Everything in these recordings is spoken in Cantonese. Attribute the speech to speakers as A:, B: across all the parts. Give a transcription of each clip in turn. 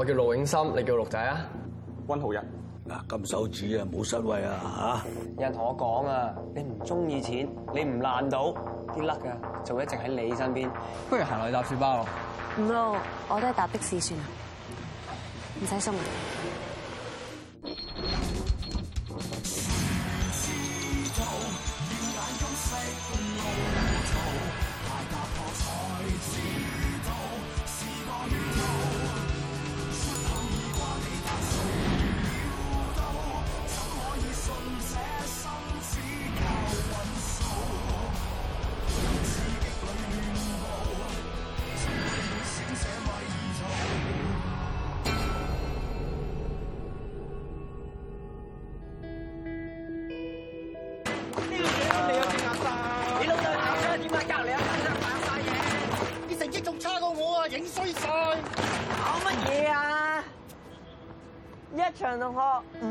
A: 我叫陸永心，你叫陸仔啊，溫浩日。嗱，金手指啊，冇失位啊，嚇！有人同我講啊，你唔中意錢，你唔爛到，跌甩嘅，就會一直喺你身邊。不如行落去搭雪糕咯。唔咯，我都係搭的士算啦，唔使送。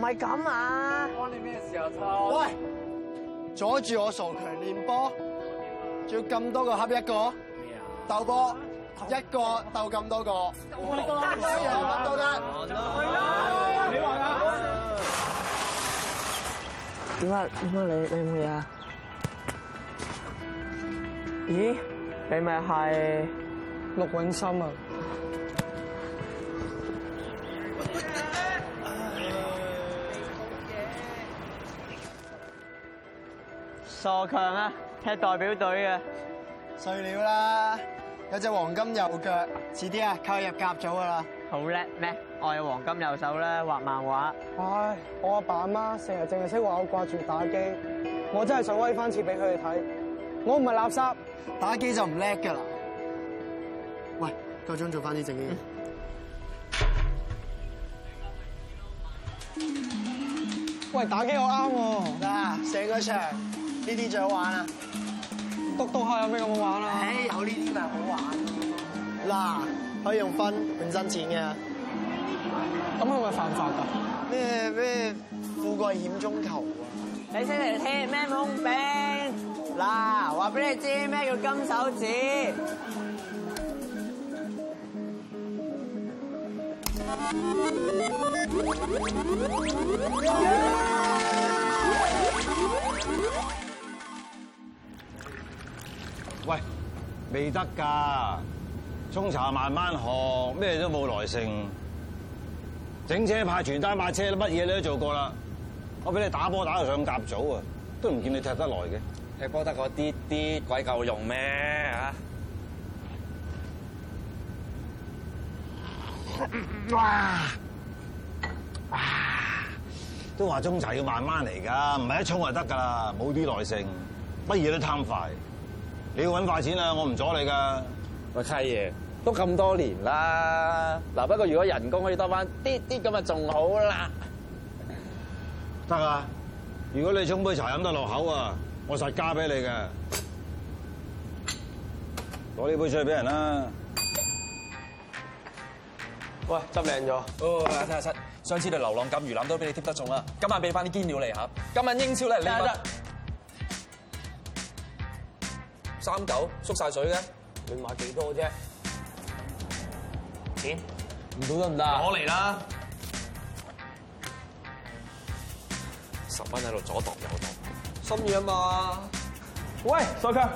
A: 係咁啊！當你咩時候抽？喂，阻住我傻強練波，仲要咁多個恰一個？咩鬥波一個鬥咁多個？我得，我得、啊，我得，我、啊、得、啊啊啊啊啊啊啊，你話啦？點啊？點解？你你冇嘢啊？咦？你咪係陸穩心啊？傻強啊，踢代表隊啊，碎料啦，有隻黃金右腳，遲啲啊，扣入甲組噶啦，好叻咩？我有黃金右手咧，畫漫畫。唉，我阿爸阿媽成日淨係識話我掛住打機，我真係想威翻次俾佢哋睇，我唔係垃圾，打機就唔叻噶啦。喂，夠鐘做翻啲正嘢。喂，打機好啱喎。嗱，啊，成個場。呢啲最好玩啊！篤到開有咩咁好玩啊？有呢啲咪好玩咯！嗱，可以用分換真錢嘅，咁係咪犯法㗎？咩咩富貴險中求啊？你先嚟聽咩風聲？嗱，話俾你知咩叫金手指。喂，未得噶，沖茶慢慢學，咩都冇耐性。整車派傳單買車，乜嘢你都做過啦。我俾你打波打到上甲組啊，都唔見你踢得耐嘅。踢波得嗰啲啲鬼夠用咩啊？哇、啊啊！都話沖茶要慢慢嚟噶，唔係一沖就得噶啦，冇啲耐性，乜嘢都貪快。你要搵快錢啦，我唔阻你㗎。喂，契爺，都咁多年啦，嗱，不過如果人工可以多翻啲啲咁啊，仲好啦。得啊，如果你沖杯茶飲得落口啊，我實加俾你㗎！攞呢杯出去俾人啦。喂，執靚咗。哦，睇下七，上次你流浪咁魚腩都俾你貼得中啊，今晚俾翻啲堅料你嚇。今晚英超咧，你得。三九縮曬水嘅，你買幾多啫？錢唔到得唔得？我嚟啦！十蚊喺度左度右度，心意啊嘛！喂，傻強，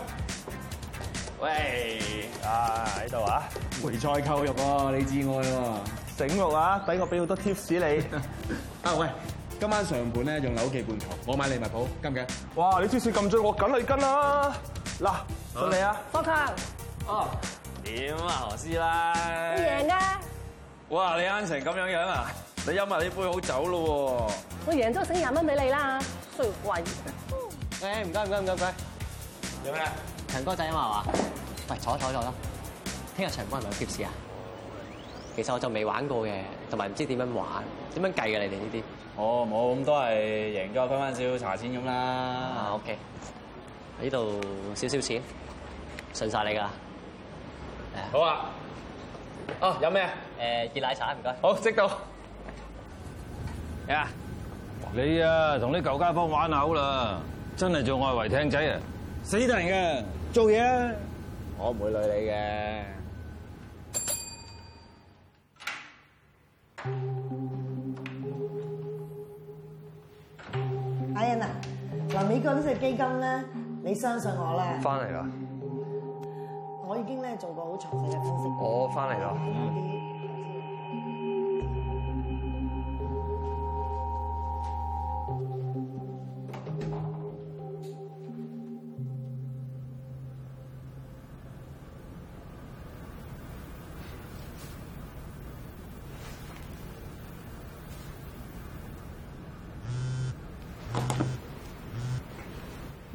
A: 喂啊喺度啊！梅菜扣肉喎，你至愛喎，醒悟啊！等我俾好多 tips 你啊！喂，今晚上盤咧用紐記半球，我買你咪保，跟唔跟？哇！你 tips 咁追我，梗係跟啦！嗱，到你啊，傻強。哦，點啊何師啦？我贏啦、啊！哇，你啱成咁樣樣啊！你飲埋你杯好酒咯，我贏咗成廿蚊俾你啦，衰鬼！誒、哎，唔該唔該唔該唔該，有咩？長哥仔啊嘛，喂，坐坐坐啦。聽日長哥係咪有貼士啊？其實我就未玩過嘅，同埋唔知點樣玩，點樣計嘅你哋呢啲？哦，冇，咁都係贏咗分翻少少茶錢咁啦。啊，OK。呢度少少錢，信晒你噶。好啊。哦，飲咩？誒，熱奶茶唔該。好，即到。呀、yeah.，你啊，同啲舊街坊玩下好啦。真係做外圍艇仔啊！死得人嘅，做嘢啊！我唔會累你嘅。哎呀嗱，
B: 嗱美國啲細
A: 基金咧。你相信我啦？翻嚟啦！我已經咧做過好詳細嘅分析。我翻嚟啦。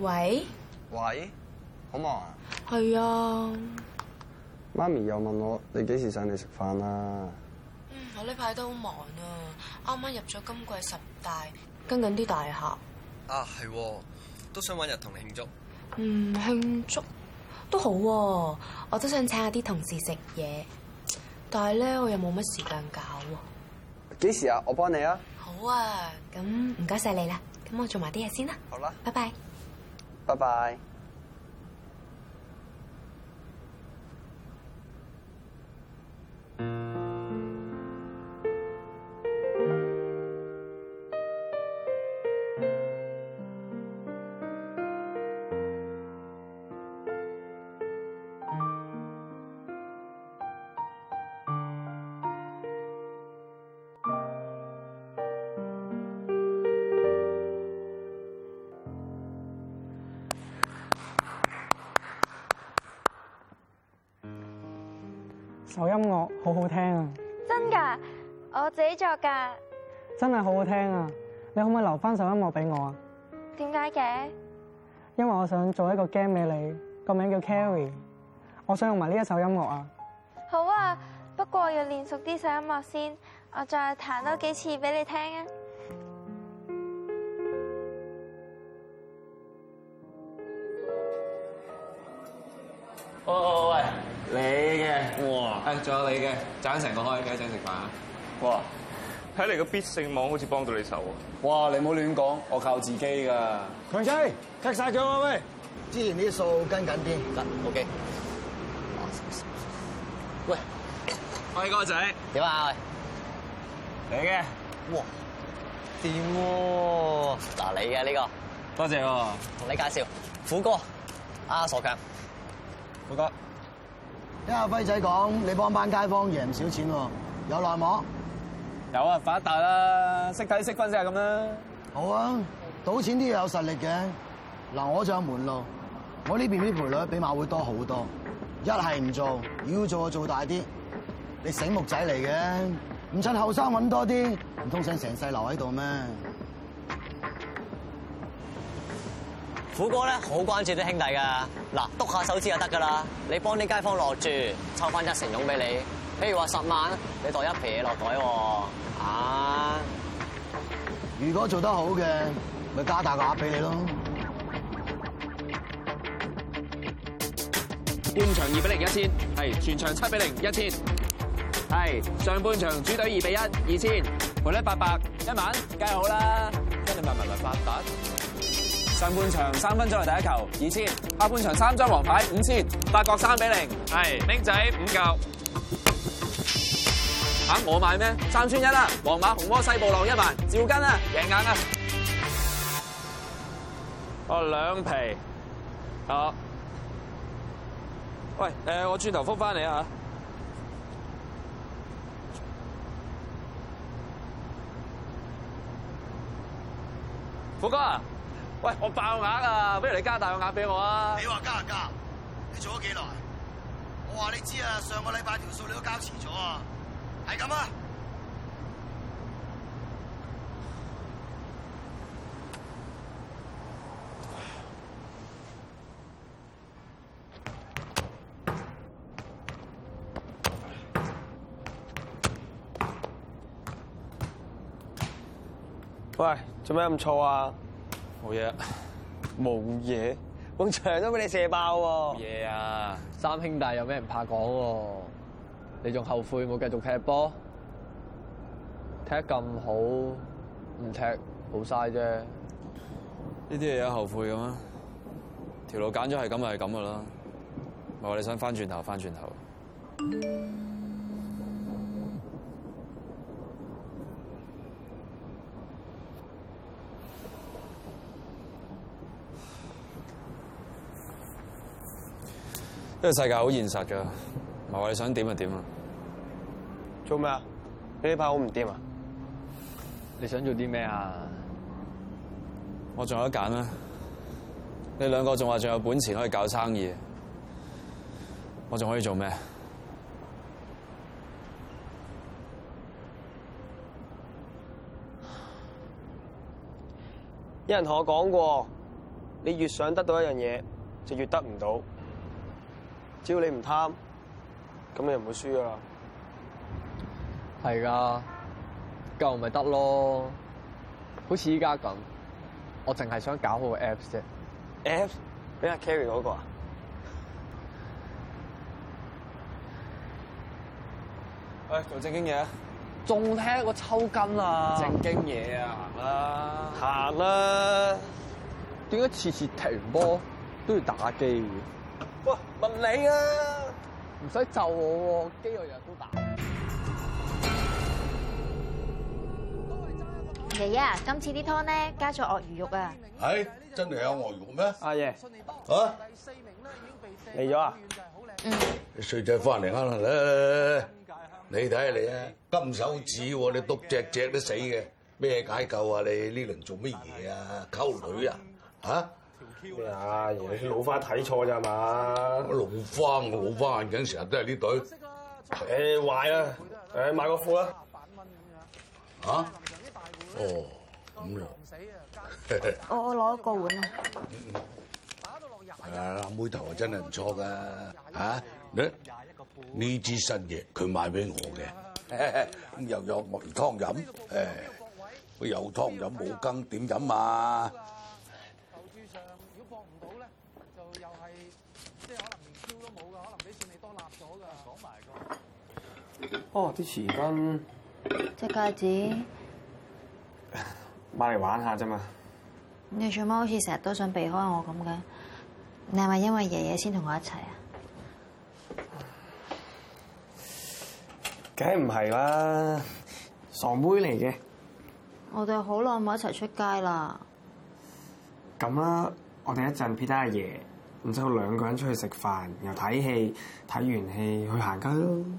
A: 喂？喂，好忙呀！係啊，媽咪又問我你幾時上嚟食飯啊？嗯，我呢排都好忙啊，啱啱入咗今季十大，跟緊啲大客。啊係喎，都想揾日同你慶祝。嗯，慶祝都好喎，我都想請下啲同事食嘢，但係咧我又冇乜時間搞喎。幾時啊？我幫你啊。好啊，咁唔該晒你啦，咁我做埋啲嘢先啦。好啦，拜拜。拜拜。音樂好好聽啊！真噶，我自己作噶。真係好好聽啊！你可唔可以留翻首音樂俾我啊？點解嘅？因為我想做一個 game 俾你，個名叫 Carey，我想用埋呢一首音樂啊。好啊，不過要練熟啲首音樂先，我再彈多幾次俾你聽啊好好好。喂喂喂！你嘅哇！誒，仲有你嘅，贊成個開，繼續食飯啊！哇！睇嚟個必勝網好似幫到你手喎！哇！你唔好亂講，我靠自己㗎。強仔 cut 晒咗啊！喂，之前啲數跟緊啲，得 OK。喂，輝哥仔，點啊？你嘅哇，掂喎！嗱，你嘅呢個，多謝喎，同你介紹，虎哥，阿、啊、傻強，虎哥。聽阿輝仔講，你幫班街坊贏唔少錢喎，有內幕？有啊，發達啦，識睇識分先係咁啦。好啊，賭錢都要有實力嘅，嗱，我就有門路，我呢邊啲賠率比馬會多好多。一係唔做，要做就做大啲。你醒目仔嚟嘅，唔趁後生揾多啲，唔通想成世留喺度咩？虎哥咧，好關注啲兄弟噶，嗱，篤下手指就得噶啦。你幫啲街坊落注，抽翻一成傭俾你。譬如話十萬，你代一撇落袋喎。啊，如果做得好嘅，咪加大個額俾你咯。半場二比零一千，係全場七比零一千，係上半場主隊二比一二千，回力八百一萬，梗係好啦，一係密密密發達。800, 100, 上半場三分鐘內第一球二千，下半場三張黃牌五千，八角三比零，係，明仔五嚿，吓、啊、我買咩？三串一啦，啊，皇馬紅魔西布朗一萬，趙根啊，贏硬啊，哦兩皮好，哦、喂，誒，我轉頭複翻你啊，虎哥啊喂，我爆額啊！不如你加大個額俾我啊！你話加啊加！你做咗幾耐？我話你知啊，上個禮拜條數你都交遲咗啊，係咁啊！喂，做咩唔坐啊？冇嘢、啊，冇嘢，埲牆都俾你射爆喎、啊！嘢啊，三兄弟有咩唔怕講？你仲後悔冇繼續踢波？踢咁好，唔踢好嘥啫。呢啲嘢有後悔㗎嗎？條路揀咗係咁，咪係咁嘅啦。唔係話你想翻轉頭，頭，翻轉頭。呢、這個世界好現實噶，唔係話你想點就點啊！做咩啊？你呢排好唔掂啊？你想做啲咩啊？我仲有得揀啊。你兩個仲話仲有本錢可以搞生意，我仲可以做咩？有人同我講過，你越想得到一樣嘢，就越得唔到。只要你唔貪，咁你又唔會輸噶啦。係噶，夠咪得咯？好似依家咁，我淨係想搞好個 Apps 啫。Apps？俾阿 Carey 嗰個啊？喂、哎，做正經嘢啊！仲聽我抽筋啊！正經嘢啊，行啦！行啦！點解次次踢完波都要打機嘅？問你啊，唔使就我，我機會日日都打。爺爺啊，今次啲湯咧，加咗鱷魚肉啊。係真係有鱷魚咩？阿爺，啊嚟咗啊？嗯。衰仔翻嚟啱啦咧，你睇下你啊，金手指你篤隻隻都死嘅，咩解救啊？你呢輪做乜嘢啊？溝女啊？吓？咩老花睇錯咋嘛？老花我老，老花眼鏡，成日都係呢對。誒壞呀，誒、欸、買個副啦。嚇、啊？哦。咁樣 我。我我攞一個碗呀！係啊，阿妹頭真啊真係唔錯㗎嚇。呢、啊、支新嘢佢買俾我嘅、 哎，又有湯飲誒。佢有湯飲冇羹點飲啊？哦，啲匙羹，隻戒指買嚟玩下啫嘛。你做乜好似成日都想避開我咁嘅？你係咪因為爺爺先同我一齊啊？梗唔係啦，傻妹嚟嘅。我哋好耐冇一齊出街啦。咁啊，我哋一陣撇低阿爺，然之後兩個人出去食飯，又睇戲，睇完戲去行街咯，嗯。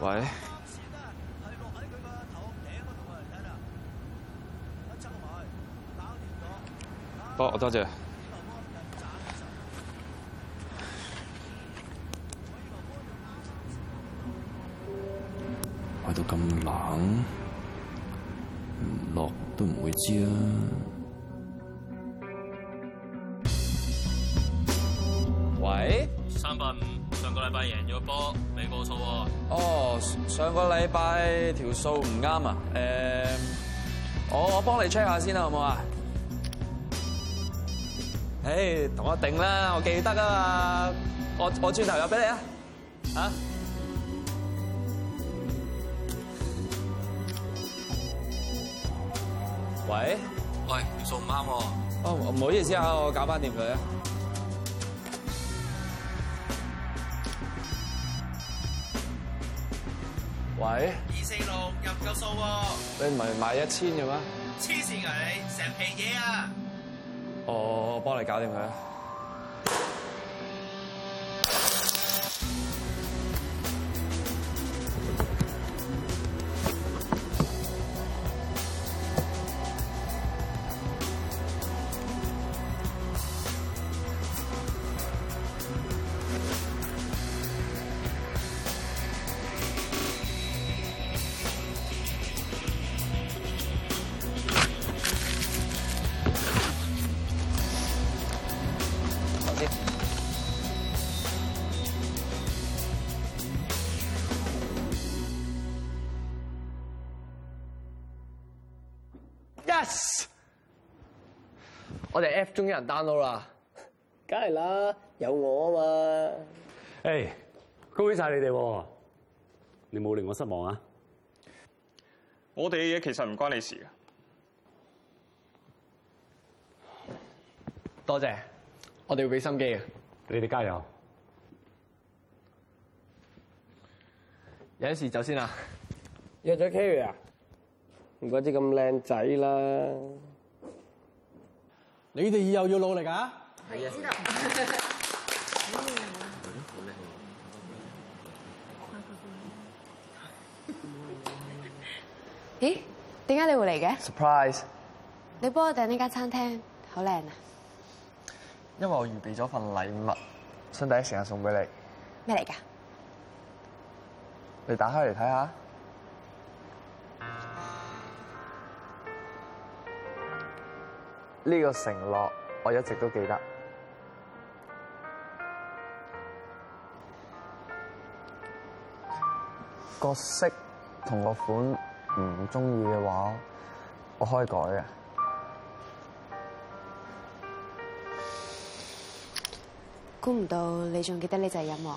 A: 喂？不，我多謝。去到咁冷，唔落都唔會知啊！快贏咗波，你告訴我。哦，上個禮拜條數唔啱啊。誒，uh，我我幫你 check 下先啊，好唔好啊？誒，同我定啦，我記得啊嘛。我我轉頭又俾你啊。吓？喂？喂，條數唔啱喎？哦，唔好意思啊，我搞翻掂佢啊。喂，二四六入咗數喎，你唔係買一千嘅咩？黐線嘅你，啊，成皮嘢啊！我幫你搞掂佢。我哋 F 中一人 download 啦，梗係啦，有我啊嘛！哎，hey，恭喜晒你哋，你冇令我失望啊！我哋嘅嘢其實唔關你事啊！多謝，我哋要俾心機啊！你哋加油！有事走先啦，約咗 Carey 啊？唔怪之咁靚仔啦～你哋以後要努力啊！係啊、 哎！咦？點解你會嚟嘅？Surprise！你幫我訂呢間餐廳，好靚啊！因為我預備咗份禮物，想第一時間送俾你。咩嚟㗎？你打開嚟睇下。呢個承諾我一直都記得。個色同個款唔中意嘅話，我可以改嘅。估唔到你仲記得呢隻音樂。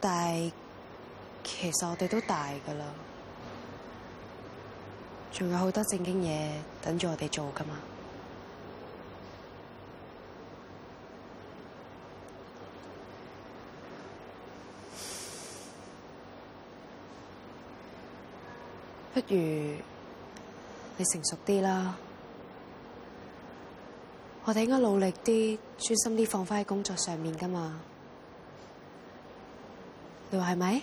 A: 但係，其實我哋都大噶啦。仲有好多正經嘢等住我哋做噶嘛？不如你成熟啲啦，我哋應該努力啲、專心啲，放翻喺工作上面噶嘛？你話係咪？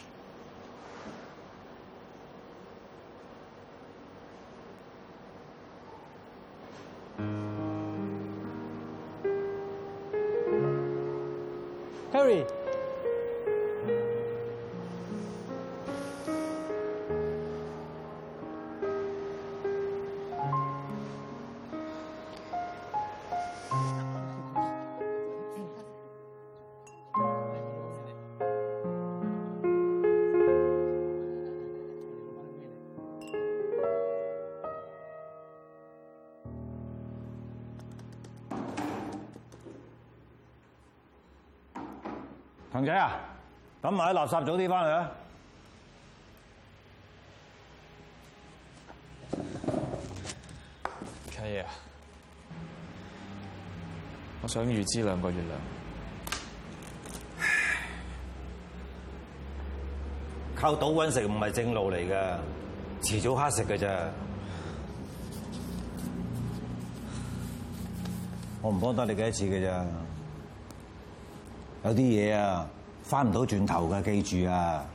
A: 仔啊，抌埋啲垃圾早啲翻去啊！契爺，我想預支兩個月糧。靠賭揾食唔係正路嚟㗎，遲早乞食嘅啫。我唔幫得你幾多次㗎咋。有啲嘢啊，返唔到轉頭㗎，記住啊！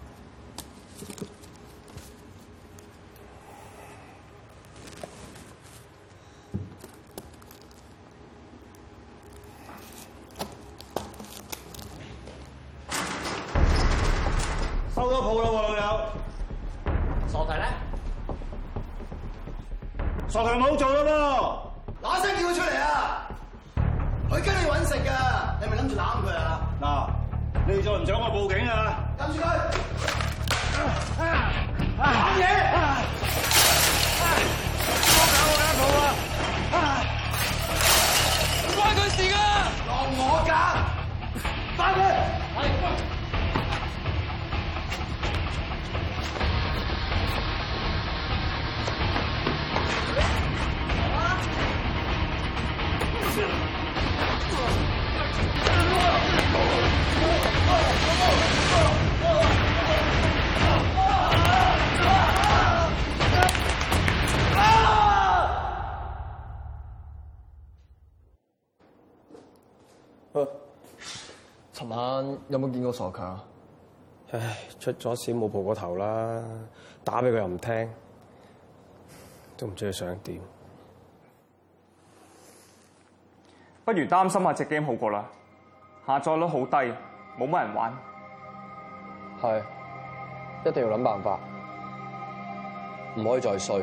A: 有冇見過傻強？唉，出咗事冇蒲過頭啦，打俾佢又唔聽，都唔知佢想點。不如擔心下隻 game 好過啦，下載率好低，冇乜人玩。係，一定要諗辦法，唔可以再衰。